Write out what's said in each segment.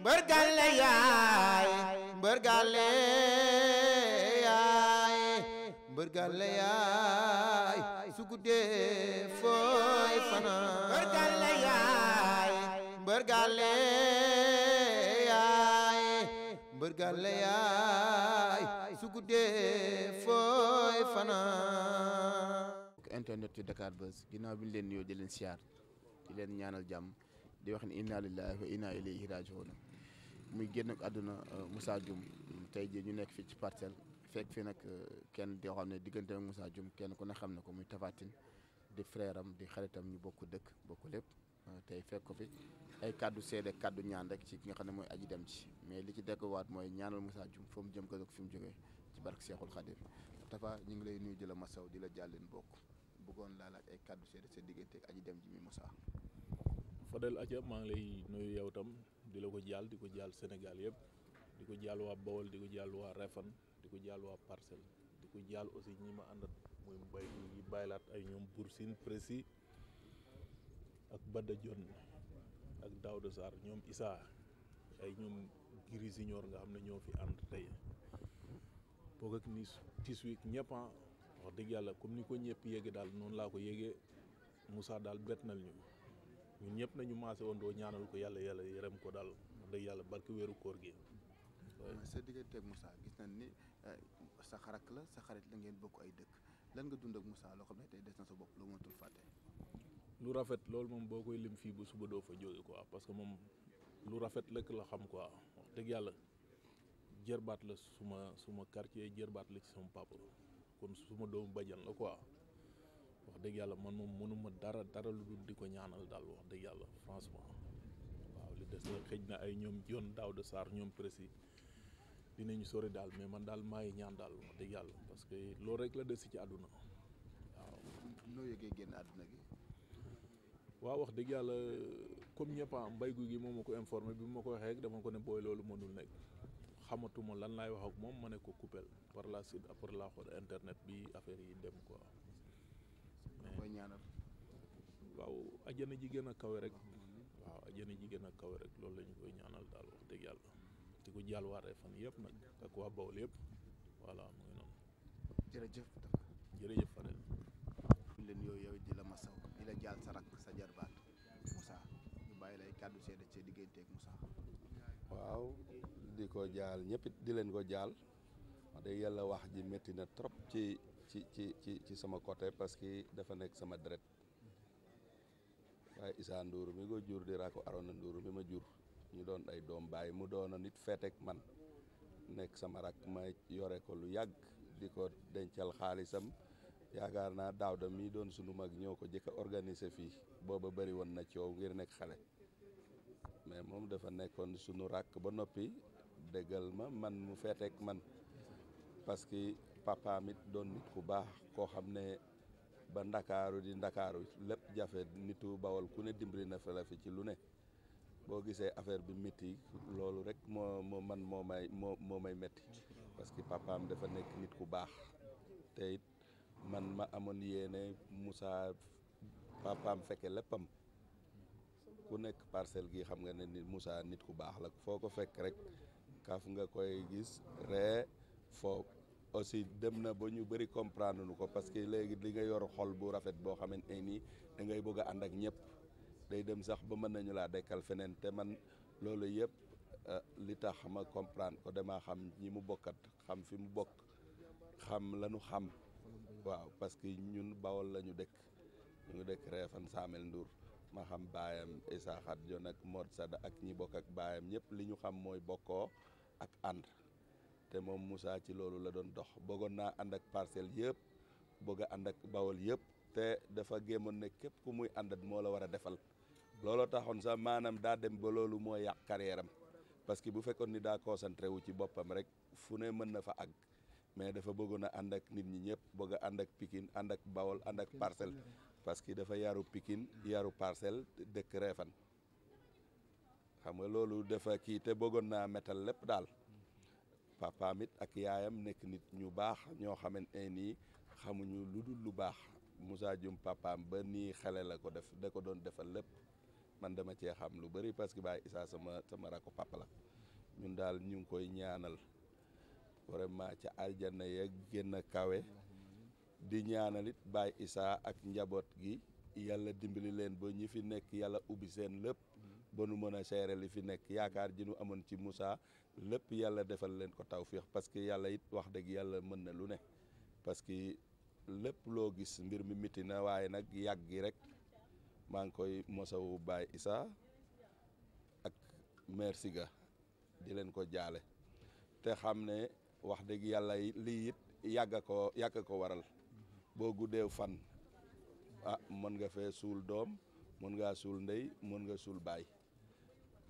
mbër gàlle yaay mbër gàlle yaay mbër gàlle yaay su guddee fooy fanaan mbër gàlle yaay yaay mbër gàlle yaay su guddee fooy internet ci Dakar Buzz ginnaaw bi ñu leen nuyoo di leen siyaar di leen ñaanal jàmm di wax ne inna lillahi wa inna ilayhi rajiun muy génn ak àdduna euh, Moussa Dioum tey jii ñu nekk fii ci parcelle fekk fi nag euh, kenn di xam ne diggante ak Moussa Dioum kenn ku ne xam ne ko muy Tafatine di frère am di xaritam ñu bokk dëkk bokk lépp euh, tey fekk ko fi ay kàddu seede kàddu ñaan rek ci ki nga xam ne mooy aji dem ci mais li ci dekkuwaat mooy ñaanal Moussa Dioum fa mu jëm ko fi mu jógee ci barke Seexul Xadim Tafa ñu ngi lay nuyu di la masaw di la jàlleen bokk bëggoon laal ak ay kàddu seede sa diggante ak aji dem ji mi Moussa Fadel Acha maa ngi lay nuyu yow tam di la ko jaal di ko jaal Sénégal yëpp di ko jaal waa Bawol di ko jaal waa Refan di ko jaal waa Parcelles di ko jaal aussi ñi ma àndat muy bay yi baylaat ay ñoom Boursine Prési ak Bada Dione ak Daouda Sarr ñoom Issa ay ñoom Giri Signor nga xam ne ñoo fi ànd tey boog ak ni tiswiik ñëpp ah, wax dëgg yàlla comme ni ko ñëpp yéege daal noonu laa ko yéegee Moussa daal bett nañu ñun ñëpp nañu maase doo ñaanalu ko yàlla yàlla yërëm ko daal wax dëgg yàlla barki wéeru koor gi sa diggante ak Moussa gis nañ ni euh, sa xarak la sa xarit la ngeen bokk ay dëkk lan nga dund ak Moussa loo xam ne tey des na sa bopp loo mënatul fàtte lu rafet loolu moom boo koy lim fii bu suba doo fa jóge quoi parce que moom lu rafet lekk la xam quoi wax dëgg yàlla jërbaat la suma suma quartier jërbaat la ci sama papa kon suma doomu bajan la quoi wax dëgg yàlla man moom mënuma dara dara lu dul di ko ñaanal daal wax dëgg yàlla franchement waaw li des na xëj na ay ñoom John Daouda Sarr ñoom précis dinañu sori daal mais man daal maa ngi ñaan daal wax dëgg yàlla parce que loolu rek la des ci àdduna waaw. noo yëgee génn àdduna gi. wax dëgg yàlla comme ñëpp a mbay gu gi moom ma ko informé bi ma ko waxee rek dama ko ne booy loolu mënul nekk xamatuma lan laay wax moom ma ne ko coupé par la suite après la xool internet bi affaire yi d quoi. koy ñaanal. waaw ajana ji a kaw rek. waaw ajana ji a kawe rek loolu lañu koy ñaanal daal wax dëgg yàlla. di ko jàll waare fan yëpp nag ak waa Bawol yëpp voilà mu ngi jërëjëf jërëjëf leen yooyu yow di la masaw di sa rakk sa jarbaat lay kàddu seede sa diggante ak Moussa. waaw di ko jaal ñëpp di leen ko jaal wax dëgg yàlla wax ji métti na trop ci ci ci ci ci sama côté parce que dafa nekk sama deret waaye Issa Ndour mi ko jur di raako Arona Ndour mi ma jur ñu doon ay doom bàyyi mu doona nit feetek man nekk sama rak ma yore ko lu yàgg di ko dencal xaalisam yaakaar naa daaw da mi doon sunu mag ñoo ko jëkk a organiser fii booba bëri woon na coow ngir nekk xale mais moom dafa nekkoon sunu rakk ba noppi déggal ma man mu feeteek man parce papaam doon nit ku baax koo xam ne ba ndakaaru di ndakaaru lépp jafe nit wu bawal ku ne dimbali na fa la fi ci lu ne boo gisee affaire bi métti loolu rek moo moo man moo may moo moo may métti parce que papaam dafa nekk nit ku baax te man ma amoon yéene Moussa papaam fekke léppam ku nekk parcelle gi xam nga ne ni Moussa nit ku baax la foo ko fekk rek kaaf nga koy gis ree foo aussi dem na ba ñu bëri comprendre nu ko parce que léegi li nga yor xol bu rafet boo xamante ne nii da ngay bëgg a ànd ak ñëpp day dem sax ba mën nañu laa dekkal feneen te man loolu yëpp euh, li tax ma comprendre ko damaa xam ñi mu bokkat xam fi mu bokk xam lañu xam waaw parce que ñun bawol la ñu dëkk ñu ngi dëkk Réfane Samel Ndour ma xam baayam Issa Khat Dione ak Mod Sada ak ñi bokk ak baayam ñëpp li ñu xam mooy bokkoo ak ànd te moom Moussa ci loolu la doon dox bëggoon naa ànd ak parcelle yëpp bëgg a ànd ak bawol yëpp te dafa géemoon ne képp ku muy ak moo la war a defal looloo taxoon sax maanaam daa dem ba loolu moo yàq carrière am parce que bu fekkoon ni daa concentré wu ci boppam rek fu ne mën na fa àgg mais dafa bëggoon a ànd ak nit ñi ñëpp bëgg a ànd ak pikin ànd ak bawol ànd ak parcelle parce que dafa yaru pikin yaru parcelle dëkk Réfane xam nga loolu dafa kii te bëggoon naa métal lépp daal papaam ak yaayam nekk nit ñu baax ñoo xamante ne nii xamuñu lu dul lu baax Moussa jum papaam ba nii xale la ko def da ko doon defal lépp man dama cee xam lu bëri parce que Baye Issa sama sama rakku papa la ñun daal ñu ngi koy ñaanal vraiment ca aljana ya gën a kawe di ñaanalit Baye Issa ak njaboot gi yàlla dimbali leen ba ñi fi nekk yàlla ubbi seen lépp mm-hmm. ba nu mën a seere li fi nekk yaakaar ji nu amoon ci mussa lépp yàlla defal leen ko tawféex parce que yàlla it wax dëgg yàlla mën na lu ne parce que lépp loo gis mbir mi mitti na waaye nag yàgg gi rek maa ngi koy mosawu Baye Issa ak maire Siga di leen ko jaale te xam ne wax dëgg yàlla lii it yàgg ko yàgg ko waral boo guddee fan ah mën nga fe suul doom mën ngaa suul ndey mën nga suul baay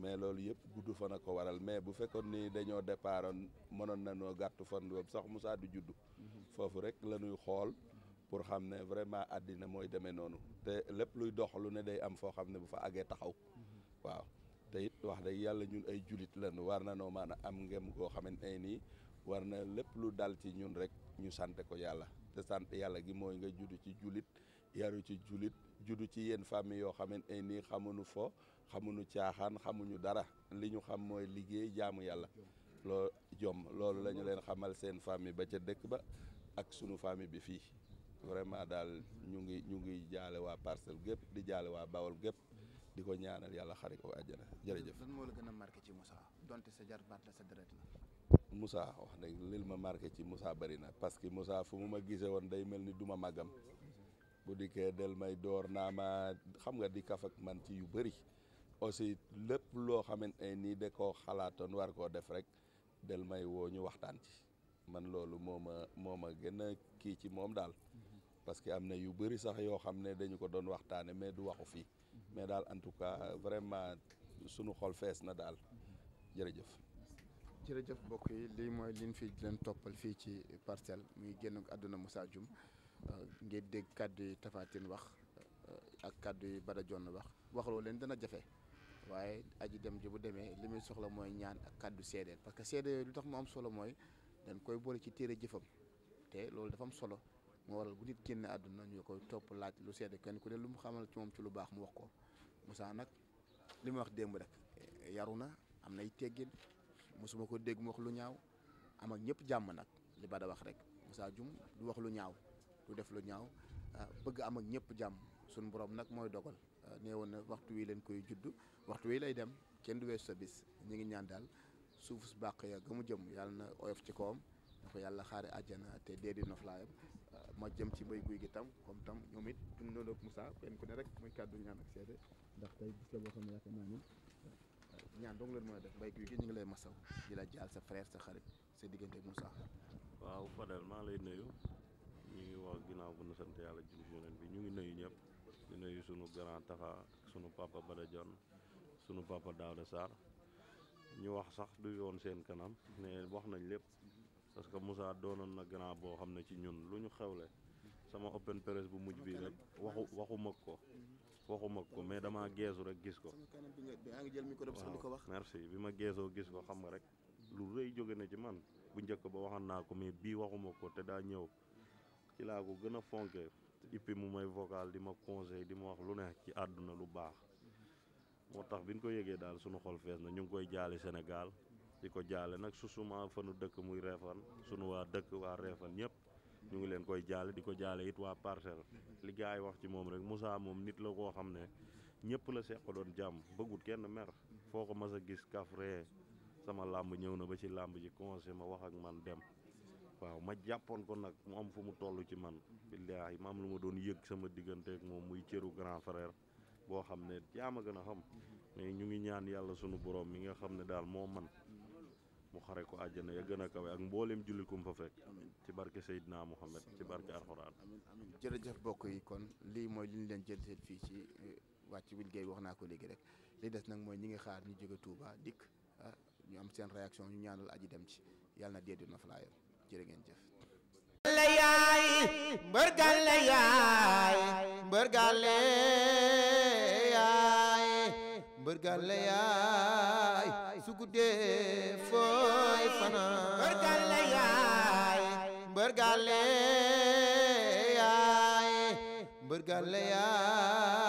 mais loolu yëpp gudd fan a ko waral mais bu fekkoon ni dañoo départoon mënoon nañoo gàtt fan boobu sax Moussa du judd mhm. foofu rek la ñuy xool pour xam ne vraiment àddina mooy demee noonu te lépp luy dox lu ne day am foo xam ne bu fa àggee taxaw mhm. waaw te it wax dëgg yàlla ñun ay julit lañu war na noo maana am ngem goo xamante ne nii war na lépp lu dal ci ñun rek ñu sante ko yàlla te sant yàlla gi mooy nga judd ci julit yaru ci julit juddu ci yenn famille yoo xamante ne nii xamuñu fo xamuñu caaxaan xamuñu dara li ñu xam mooy liggéey jaamu yàlla loolu jom loolu lañu leen xamal seen famille ba ca dëkk ba ak sunu famille bi fii vraiment daal ñu ngi ñu ngi jaale waa parcelle gépp di jaale waa bawol gépp di ko ñaanal yàlla xari ko àjjana jërëjëf. jëf moo la gën a marqué ci Moussa donte sa jarbaat la sa deret wax dëgg lil ma marqué ci Moussa bari na parce que Moussa fu mu ma gisee woon day mel ni duma màggam. bu dikkee del may door naa ma xam nga di kaf ak man ci yu bëri aussi lépp loo xam ne nii da koo xalaatoon war koo def rek del may woo ñu waxtaan ci man loolu moo ma moo ma gën kii ci moom daal mm-hmm. parce que am na yu bëri sax yoo xam ne dañu ko doon waxtaane mais du waxu fii mm-hmm. mais daal en tout cas vraiment sunu xol fees na daal mm-hmm. jërëjëf jërëjëf mbokk yi lii mooy liñ fi leen toppal fii ci parcelle muy génn àdduna Moussa Dioum Euh, ngeen dégg kàddu yi Tapha Tine wax euh, ak kàddu yi Bada Dione wax waxloo leen dana jafe waaye aji dem ji bu demee li muy soxla mooy ñaan ak kàddu seedeel parce que seede yooyu lu tax mu am solo mooy dañ koy boole ci téere jëfam te loolu dafam solo moo waral bu nit génne àdduna ñu koy topp laaj lu seede kenn ku ne lu mu xamal ci moom ci lu baax mu wax ko Moussa nag li mu wax démb rek eh, yaru na am nay teggin mosuma ko dégg mu wax lu ñaaw am ak ñëpp jàmm nag li Bada wax rek Moussa Dioum du wax lu ñaaw. du def lu ñaaw ah, bëgg am ak ñëpp jàmm suñu borom nag mooy dogal ah, nee woon na waxtu wii leen koy judd waxtu wii lay dem kenn du weesu sa bis ñu ngi ñaan daal suuf su bàq ya ga mu jëm yàlla na oyof ci kawam na ko yàlla xaare àjjana te dee di noflaayam ah, ma jëm ci mbay guy gi tam comme tam ñoom it duñ noonu ak Moussa kenn ku ne rek muy kàddu ñaan ak seede ndax tey bis la boo xam ne yaakaar naa ne ñaan dong leen mën def mbay yi gi ñu ngi lay masaw di la jaal sa frère sa xarit sa diggante ak waaw ginnaaw bu nu sant yàlla julli ci bi ñu ngi yu ñëpp di nuyu sunu grand taxa sunu papa Bada Dione sunu papa Daouda Sarr ñu wax sax du yoon seen kanam mais wax nañ lépp parce que Moussa doonoon na grand boo xam ne ci ñun lu ñu xewle sama open press bu mujj bi rek waxu waxu mag ko waxu mag ko mais dama geesu rek gis ko. waaw merci bi ma geesoo gis ko xam nga rek lu rëy jóge na ci man bu njëkk ba waxoon naa ko mais bii waxuma ko te daa ñëw. ci laa ko gën a fonkee ippi mu may vocal di ma conseil di ma wax lu ne ci àdduna lu baax moo tax bi nu ko yëgee daal sunu xol fees na ñu ngi koy jaale senegal di ko jaale nag susuma nu dëkk muy reefan sunu waa dëkk waa reefan ñëpp ñu ngi leen koy jaale di ko jaale it waa parcelle li yi wax ci moom rek Moussa moom nit la koo xam ne ñëpp la seq doon jàmm bëggut kenn mer foo ko mas a gis kafre sama làmb ñëw na ba ci làmb ji conseil ma wax ak man dem waaw ma jàppoon ko nag mu am fu mu toll ci man. Mhm. billaahi ma am lu ma doon yëg sama diggante digganteeg moom muy cëru grand frère boo xam ne yaa ma gën a xam. Mhm. mais ñu ngi ñaan yàlla sunu borom mi nga xam ne daal moo man mhm. mu xare ko àjjana ya gën a kawe ak mboolem jullit ku mu fa fekk. ci barke Seydina Mohamed ci barke Alxuraan. amiin jërëjëf bokk yi kon lii mooy li ñu leen jël seen fii ci eh, wàcc wil géey wax naa ko léegi rek li des nag mooy ñi ngi xaar ñu jóge Touba dikk ah, ñu am seen réaction ñu ñaanal aji dem ci yàlla na dee du jërë ngeen jëf la yaay mbërgal la yaay mbërgal la yaay mbërgal la fooy fanaan mbërgal la yaay mbërgal la yaay mbërgal la yaay